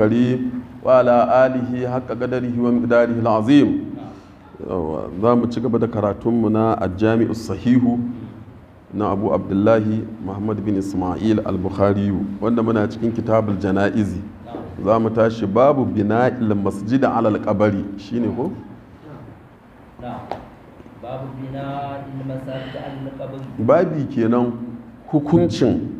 karim wa ala alihi haqqa qadarihi wa miqdarihi alazim za mu ci gaba da karatunmu na a ajami'u sahihu na abu abdullahi muhammad bin ismail al-bukhari wanda muna cikin kitabul jana'izi za mu tashi babu bina'il masjid ala al-qabari shine ko babi kenan hukuncin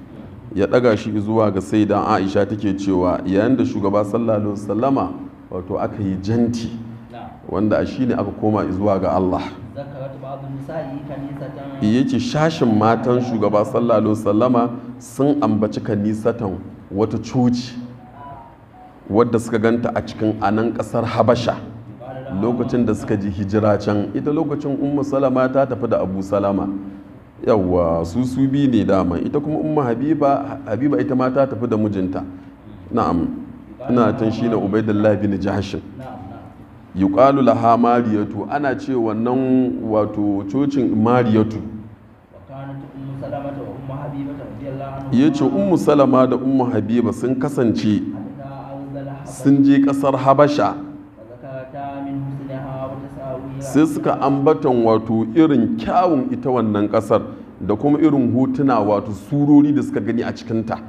ya ɗaga shi zuwa ga sai dan aisha take cewa yayin da shugaba sallallahu sallama wato aka yi janti wanda a shi ne aka koma zuwa ga Allah iya ce shashin matan shugaba sallallahu sallama sun ambaci kanisatan wata coci wadda suka ganta a cikin anan ƙasar habasha lokacin da suka ji hijira can ita lokacin umma salama ta tafi da abu salama yawwa su su bi ne dama ita kuma umma habiba habiba ita ma ta tafi da mijinta na'am ina tan na ubaidullahi bin jahshin yuqalu laha mariyatu ana ce wannan wato cocin mariyatu ya ce ummu salama da ummu habiba sun kasance sun je kasar habasha sai suka ambaton wato irin kyawun ita wannan kasar da kuma irin hotuna wato surori da suka gani a cikinta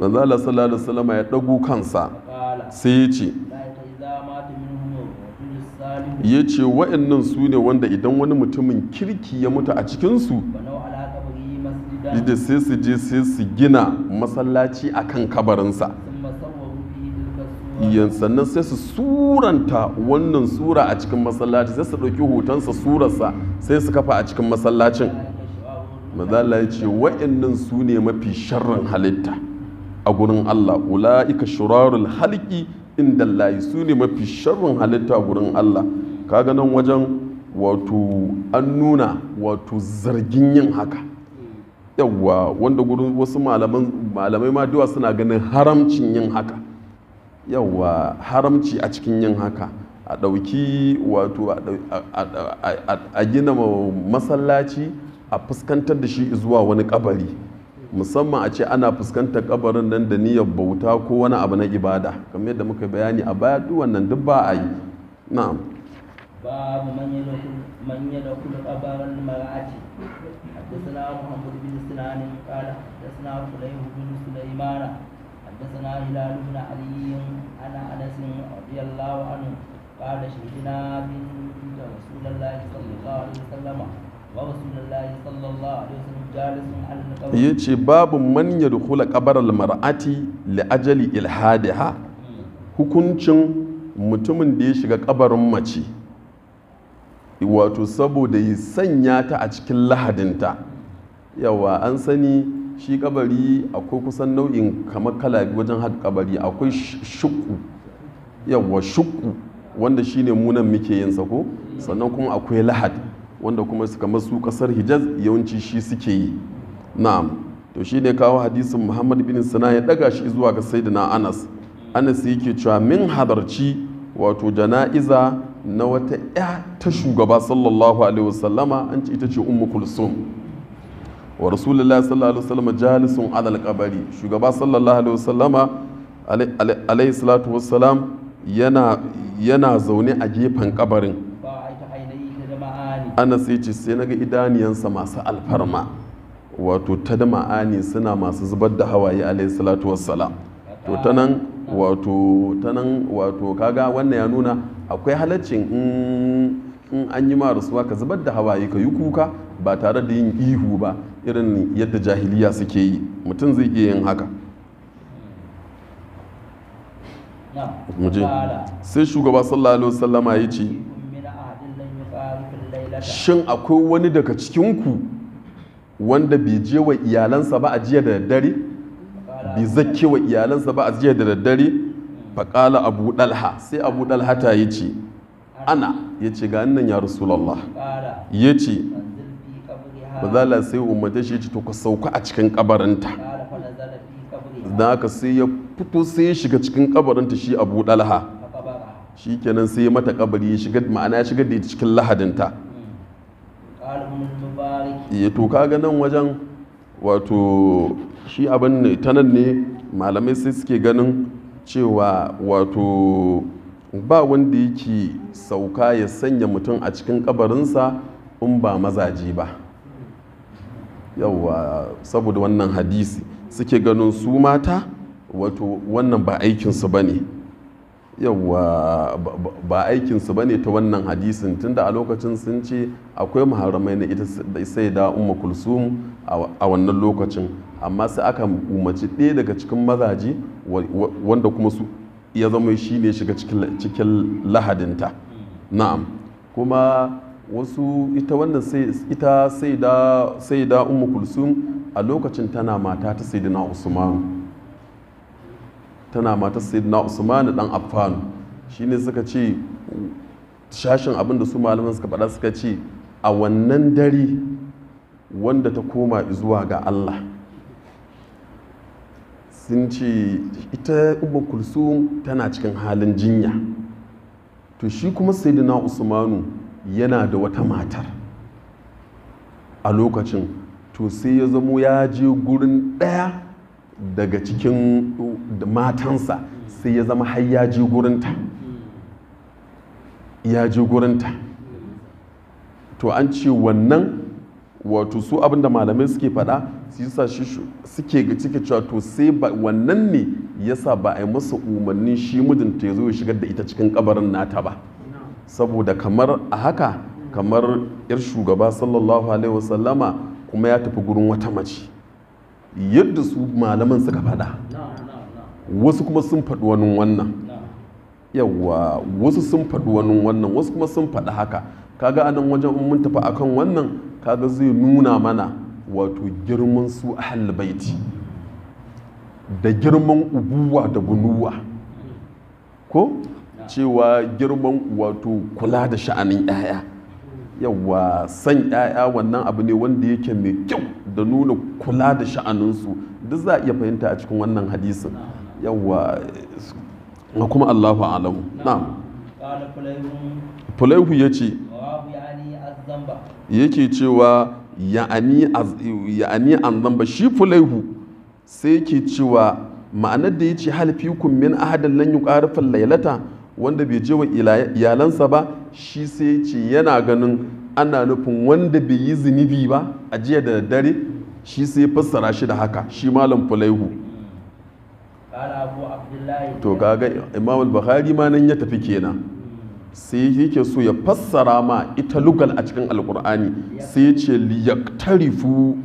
manzo Allah sallallahu alaihi wasallam ya dago kansa sai ya ce ya ce wa'annan su ne wanda idan wani mutumin kirki ya mutu a cikinsu da sai su je sai su gina masallaci a kan kabarinsa sannan sai su suranta wannan sura a cikin masallaci sai su ɗauki hotonsa surarsa sai su kafa a cikin masallacin mazala ya ce wa'annan su ne mafi sharrin halitta a gurin Allah ula'ika shirarul halki inda layi su ne mafi sharrin halitta a gurin Allah kaga nan wajen wato an nuna wato zargin yin haka yawwa wanda gurin wasu malamai ma duwa suna ganin haramcin yin haka yauwa haramci a cikin yin haka a ɗauki wato a gina masallaci a fuskantar da shi zuwa wani kabari musamman a ce ana fuskantar kabarin nan da niyyar bauta ko wani abu na ibada kamar yadda muka bayani a baya duk wannan duk ba a yi na'am babu manyan yada kula kabarin mara'ati haddasa na muhammadu bin sinanin kala da sinanin kulayhu bin sulaimana حدثنا هلال بن علي عن انس رضي الله عنه قال شهدنا بنت رسول الله صلى الله عليه وسلم ya ce babu man ya dukula kabarar mar'ati li'ajali ilhadiha hukuncin mutumin da ya shiga kabarin mace wato saboda ya sanya ta a cikin lahadinta yawa an sani shi kabari akwai kusan nau'in kamar kala wajen haɗa kabari akwai shukku yawwa shukku wanda shi ne munan muke yin sako sannan kuma akwai lahad wanda kuma kamar su kasar hijaz yawanci shi suke yi na'am to shi ne kawo hadisin muhammad bin sana ya daga shi zuwa ga sayyidina anas anas yake cewa min hadarci wato jana'iza na wata ya ta shugaba sallallahu alaihi wasallama an ce ita ce ummu kulsum wa rasulullahi sallallahu alaihi wasallam jalisun alal alqabari shugaba sallallahu alaihi wasallama alaihi salatu wassalam yana yana zaune a gefen kabarin ana sai ce sai naga idaniyansa masu alfarma wato ta da ma'ani suna masu zubar da hawaye alaihi salatu wassalam to ta nan wato ta nan wato kaga wannan ya nuna akwai halaccin in an yi ma rasuwa ka zubar da hawaye ka yi kuka ba tare da yin ihu ba irin yadda jahiliya suke yi mutum zai iya yin haka sai shugaba sallallahu alaihi wasallama ya ce shin akwai wani daga cikinku wanda bai je wa iyalansa ba a jiya da daddare bai zakke wa iyalansa ba a jiya da daddare hmm. faƙala abu ɗalha sai abu ɗalha ta yi ce ana ya ce ga nan ya rasulallah ya ce mazala sai umarta shi ce to ka sauka a cikin kabarinta da haka sai ya fito sai ya shiga cikin kabarinta shi abu dalha shi kenan sai ya mata kabari ya shiga ma'ana ya shiga da cikin lahadinta ya eh, to kaga nan wajen wato shi abin ne ta nan ne malamai sai suke ganin cewa wato ba wanda yake sauka ya sanya mutum a cikin kabarinsa in ba mazaji ba yawa saboda wannan hadisi suke ganin su mata wato wannan ba aikinsu ba ne yawa ba aikinsu ba ne ta wannan hadisin tunda a lokacin sun ce akwai maharamai na ita sai da umma kulsum a wannan lokacin amma sai aka umarci ɗaya daga cikin mazaje wanda kuma su ya zama shi ne shiga cikin lahadinta hmm. na'am kuma wasu ita wannan ita sai da umu kulsum a lokacin tana mata ta sai na tana mata sai na da dan shi shine suka ce shashin abin da su malaman suka faɗa suka ce a wannan dare wanda ta koma zuwa ga allah sun ce ita umu kulsum tana cikin halin jinya to shi kuma sai usmanu yana da wata matar a lokacin to sai ya zamo ya je gurin ɗaya daga cikin matansa sai ya zama har ya je gurinta ya je gurinta to an ce wannan wato su abinda malamai suke faɗa su yi sashi suke ga cewa to sai wannan ne yasa ba a yi masa umarnin shi mijinta ya zo ya shigar da ita cikin kabarin nata ba saboda kamar a haka kamar yar shugaba sallallahu alaihi wasallama kuma ya tafi gurin wata mace yadda su malaman suka faɗa wasu kuma sun faɗi wani wannan yawa wasu sun faɗi wani wannan wasu kuma sun faɗi haka kaga anan wajen in mun tafi akan wannan kaga zai nuna mana wato girman su ahal baiti da girman ubuwa da bunuwa ko cewa girman wato kula da sha'anin 'ya'ya yawa san 'ya'ya wannan abu ne wanda yake mai kyau da nuna kula da sha'aninsu duk za a iya fahimta a cikin wannan hadisin yawa kuma allahu alamu na'am fulaihu ya ce yake cewa ya'ani an zamba shi fulaihu sai yake cewa ma'anar da ya ce halifikun min ahadin lan yi ƙarfin lailata wanda bai je wa iyalansa ba shi sai ce yana ganin ana nufin wanda bai yi zunubi ba a jiya da dare shi sai fassara shi da haka shi malam fulaihu to kaga imam al-bukhari ma nan ya tafi kenan sai yake so ya fassara ma ita lugal a cikin alkur'ani sai ce liyaktarifu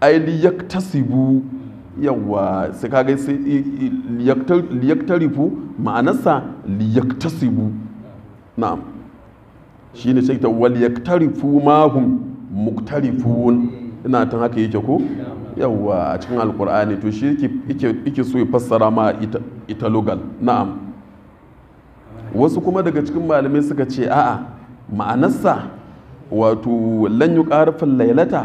ai liyaktasibu yawa su kaga liyaktarifu ma'anarsa liyaktasibu na'am shi ne shaita wal yaktarifu mahum muktarifun ina tun haka yake ko yawa a cikin alkur'ani to shi yake so ya fassara ma ita na'am wasu kuma daga cikin malamai suka ce a'a ma'anarsa wato lan karfin lailata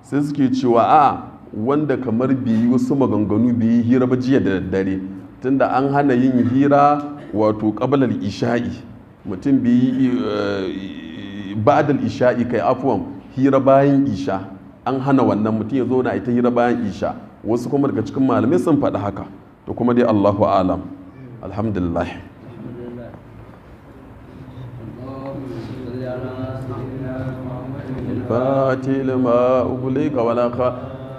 sai suke cewa a'a wanda kamar biyi wasu maganganu biyi hira ba jiya da daddare tunda an hana yin hira wato kabalar isha'i mutum biyi eh, ba'adal isha'i kai afuwan hira bayan isha an hana wannan mutum ya zo na ita hira bayan isha wasu kuma daga cikin malamai sun faɗi haka to kuma dai allahu alam alhamdulillah فاتي لما ولا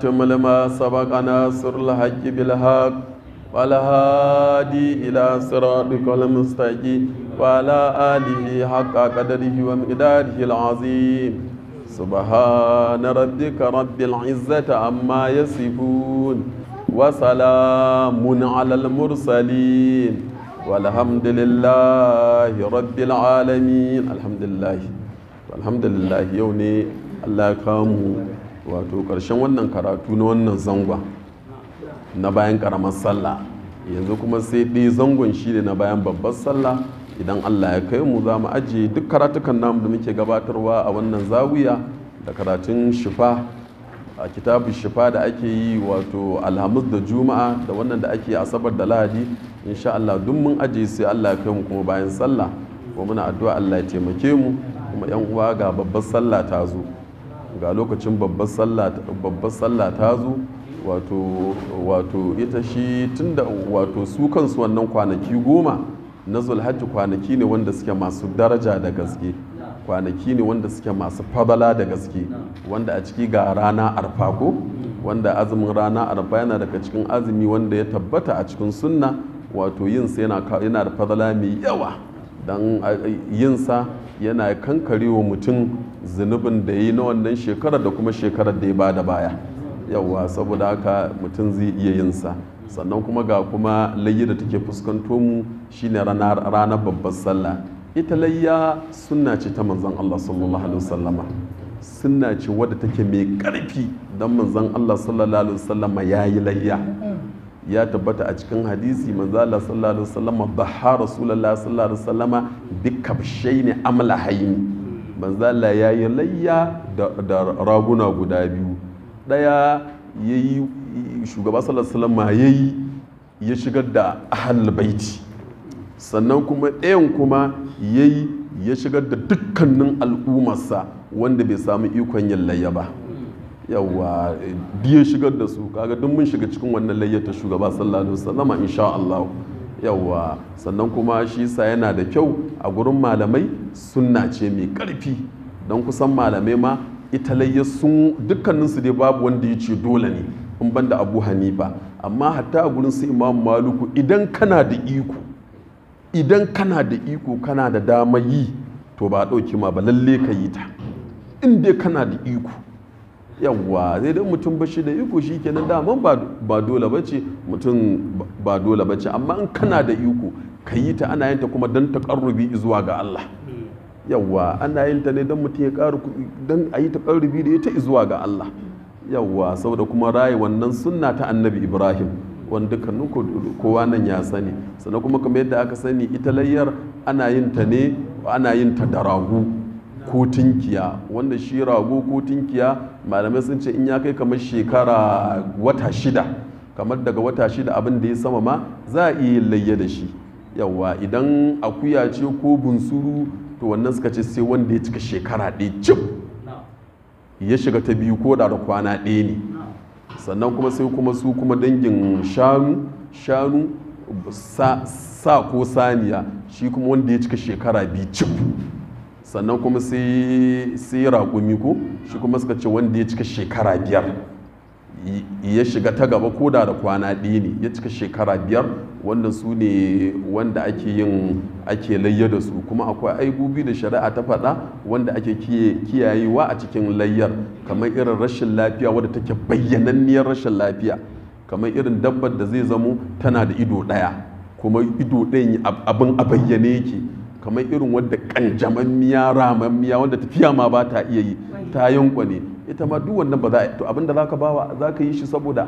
تكمل ما سبقنا سر الحج بالحق والهادي إلى صراطك المستقيم وعلى آله حق قدره ومقداره العظيم سبحان ربك رب العزة عما يصفون وسلام على المرسلين والحمد لله رب العالمين الحمد لله الحمد لله يوني الله كامو wato karshen wannan karatu na wannan zangon na bayan karamar sallah yanzu kuma sai ɗaya zangon shi ne na bayan babbar sallah idan allah ya kai mu za mu ajiye duk karatukan namu da muke gabatarwa a wannan zawiya da karatun shifa a kitabun shifa da ake yi wato alhamis da juma'a da wannan da ake asabar da lahadi insha allah duk mun ajiye sai allah ya kai mu kuma bayan sallah kuma muna addu'a allah ya taimake mu kuma yan uwa ga babbar sallah ta zo ga lokacin babbar sallah ta zo wato ita shi tunda wato su kansu wannan kwanaki goma na zulhajji kwanaki ne wanda suke masu daraja da gaske kwanaki ne wanda suke masu fadala da gaske wanda a ciki ga rana arfa ko wanda azumin rana arfa yana daga cikin azumi wanda ya tabbata a cikin sunna wato yinsa yana da fadala mai yawa don yinsa yana wa mutum zunubin da yi na wannan shekarar da kuma shekarar da ya ba da baya yawa saboda haka mutum zai iya yin sa sannan kuma ga kuma layi da take fuskanto mu shine ranar babbar sallah ita layya sunna ce ta manzon Allah sallallahu alaihi wasallama sunna ce wadda take mai karfi dan manzon Allah sallallahu alaihi wasallama yayi layya ya tabbata a cikin hadisi manzo Allah sallallahu alaihi wasallam baha rasulullah sallallahu alaihi wasallam ne amla hayin manzo Allah ya yi layya da raguna guda biyu daya yayi shugaba sallallahu alaihi wasallam yayi ya shigar da ahlul baiti sannan kuma ɗayan kuma yayi ya shigar da dukkanin al'ummarsa wanda bai samu ikon yin layya ba yawa biye shigar da su kaga duk mun shiga cikin wannan layyata shugaba sallallahu alaihi wasallama insha Allah yawa sannan kuma shi sa yana da kyau a gurin malamai sunna ce mai karfi don kusan malamai ma ita layya sun dukkanin su dai babu wanda ya ce dole ne in banda Abu Hanifa amma hatta a gurin su Imam maliku idan kana da iko idan kana da iko kana da dama yi to ba ɗauki ma ba lalle ka yi ta in dai kana da iko yawwa zai dan mutum ba shi da iko shi nan daman ba dole ba ce mutum ba dole ba ce amma in kana da iko ka yi ta ana yin ta kuma don takarrubi zuwa ga Allah hmm. yawwa ana yin ta ne don mutum ya ƙaru don a yi takarrubi da ita zuwa ga Allah yawwa saboda kuma raye wannan sunna ta annabi ibrahim wanda dukkanin kowa nan ya sani sannan kuma kamar yadda aka sani ita layyar ana yin ta ne ana yin ta da ragu ko wanda shi rago ko malamai sun ce in ya kai kamar shekara wata shida kamar daga wata shida abin da ya sama ma za a iya layya da shi yawa idan akuya ce ko bunsuru to wannan suka ce sai wanda ya cika shekara ɗaya cif ya shiga ta biyu ko da kwana ɗaya ne sannan kuma sai kuma su kuma dangin shanu shanu sa ko saniya shi kuma wanda ya cika shekara biyu cif sannan kuma sai raƙumi ko shi kuma suka ce wanda ya cika shekara biyar ya shiga ta gaba ko da da kwana ɗaya ne ya cika shekara biyar wanda su ne wanda ake yin ake layya da su kuma akwai aibubi da shari'a ta faɗa wanda ake kiyayewa a cikin layyar kamar irin rashin lafiya wadda take bayyananniyar rashin lafiya kamar irin dabbar da zai zamo tana da ido ɗaya kuma ido ɗayan abin a bayyane yake kamar irin wadda kanjamammiya ramammiya wadda tafiya ma ba ta iya yi ta ne ita ma duk wannan ba za a to abinda za zaka bawa ka yi shi saboda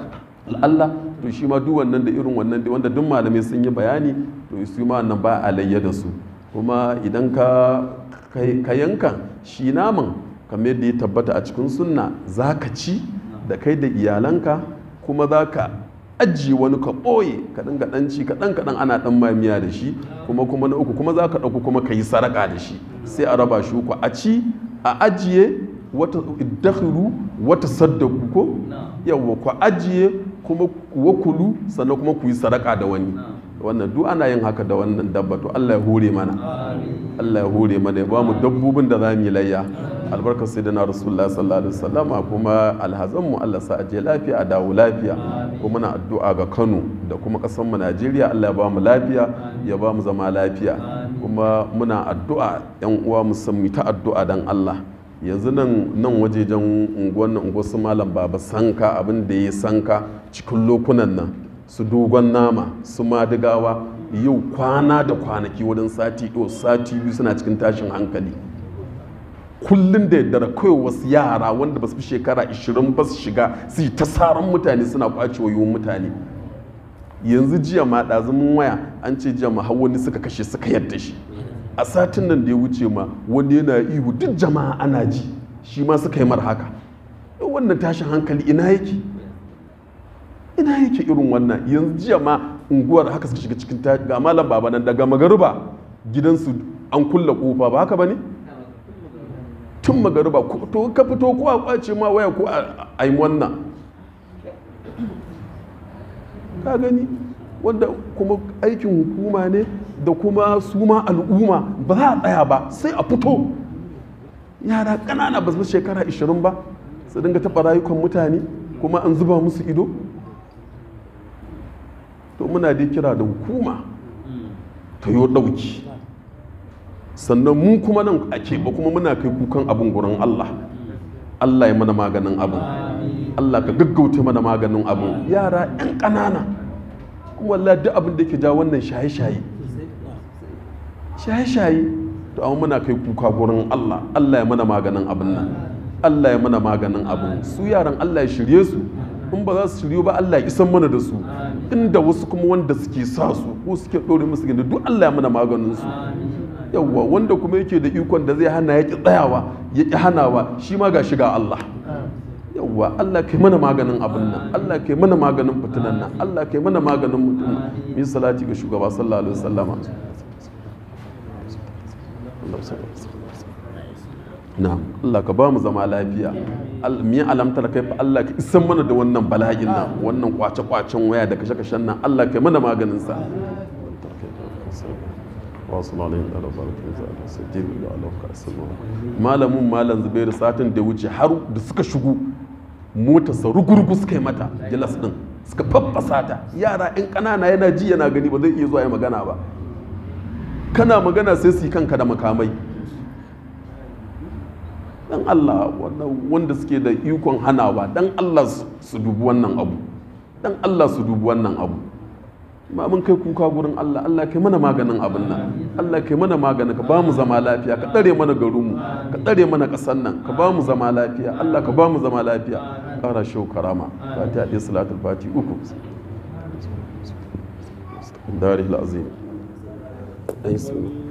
Allah to shi ma duk wannan da irin wannan da wanda duk malamai sun yi bayani to su ma nan ba a layya da su kuma idan ka yanka shi naman kamar yadda ya tabbata a cikin sunna ka ci da kai da iyalanka kuma za ka. ajiye wani ka ɓoye ka ɗan kaɗan ci kaɗan kaɗan ana ɗan mamiya da shi kuma kuma na uku kuma za ka ɗauku kuma ka yi saraka da shi sai a raba shi uku a ci a ajiye wata wata saddaku ko yawwa ku ajiye kuma wakulu sannan kuma ku yi saraka da wani wannan duk ana yin haka da wannan dabba to Allah ya hore mana Allah ya hore mana ya ba mu dabbobin da za mu yi layya albarkar sai da na sallallahu alaihi wasallama kuma mu allah sa aje lafiya a dawo lafiya kuma muna addu'a ga kano da kuma mu najeriya allah ya ba mu lafiya ya ba mu zama lafiya kuma muna addu'a yan uwa musamman ta addu'a dan allah yanzu nan nan jan unguwan nan unguwar su malam baba sanka abin da ya sanka cikin lokunan nan su dogon nama su madigawa yau kwana da kwanaki wajen sati ɗo sati biyu suna cikin tashin hankali kullum da yaddara kawai wasu yara wanda ba su fi shekara 20 ba su shiga su yi tasaran mutane suna kwace wayoyin mutane yanzu jiya ma ɗazumin waya an ce jiya ma har wani suka kashe suka yadda shi a satin nan da ya wuce ma wani yana ihu duk jama'a ana ji shi ma suka yi mar haka wannan tashin hankali ina yake ina yake irin wannan yanzu jiya ma unguwar haka suka shiga cikin ga malam baba nan daga magariba gidansu an kulle kofa ba haka ba ne tun ba to ka fito ko a kwace ma waya ko a yi wannan ka gani wanda kuma aikin hukuma ne da kuma suma al'umma ba za a tsaya ba sai a fito yara ƙanana ba su shekara 20 ba su dinga taɓa rayukan mutane kuma an zuba musu ido to muna da kira da hukuma ta yi ɗauki sannan mun kuma nan a ce ba kuma muna kai kukan abin gurin Allah Allah ya mana maganin abin Allah ka gaggauta mana maganin abin yara 'yan ƙanana kuma wallahi duk abin da ke ja wannan shaye-shaye shaye-shaye to amma muna kai kuka gurin Allah Allah ya mana maganin abin nan Allah ya mana maganin abin su yaran Allah ya shirye su in ba za su shirye ba Allah ya isan mana da su inda wasu kuma wanda suke sa su ko suke ɗore musu gani duk Allah ya mana maganin su yawwa wanda kuma yake da ikon da zai hana ya tsayawa ya ki hanawa shi ma ga shiga Allah yawwa Allah kai mana maganin abin nan Allah kai mana maganin fitinan nan Allah kai mana maganin mutum mu salati ga shugaba sallallahu alaihi wasallama na'am Allah ka ba mu zama lafiya mi alamtar kai fa Allah ka isan mana da wannan bala'in nan wannan kwace-kwacen waya da kashe-kashen nan Allah kai mana maganin sa wasu malayin sai jini da alauka malamin malam zubairu satin da wuce har da suka shigo motarsa rugurgu suka yi mata jilas ɗin suka faffasa ta yara 'yan ƙanana yana ji yana gani ba zai iya zuwa ya magana ba kana magana sai su yi kanka da makamai dan Allah wanda suke da ikon hanawa dan Allah su dubi wannan abu dan Allah su dubi wannan abu ma mun kai kuka gurin Allah Allah kai mana maganin abin nan Allah kai mana maganin ka ba mu zama lafiya ka tsare mana mu ka tsare mana kasan nan ka ba mu zama lafiya Allah ka ba mu zama lafiya kara shau karama fatiha ɗaya salatul fati uku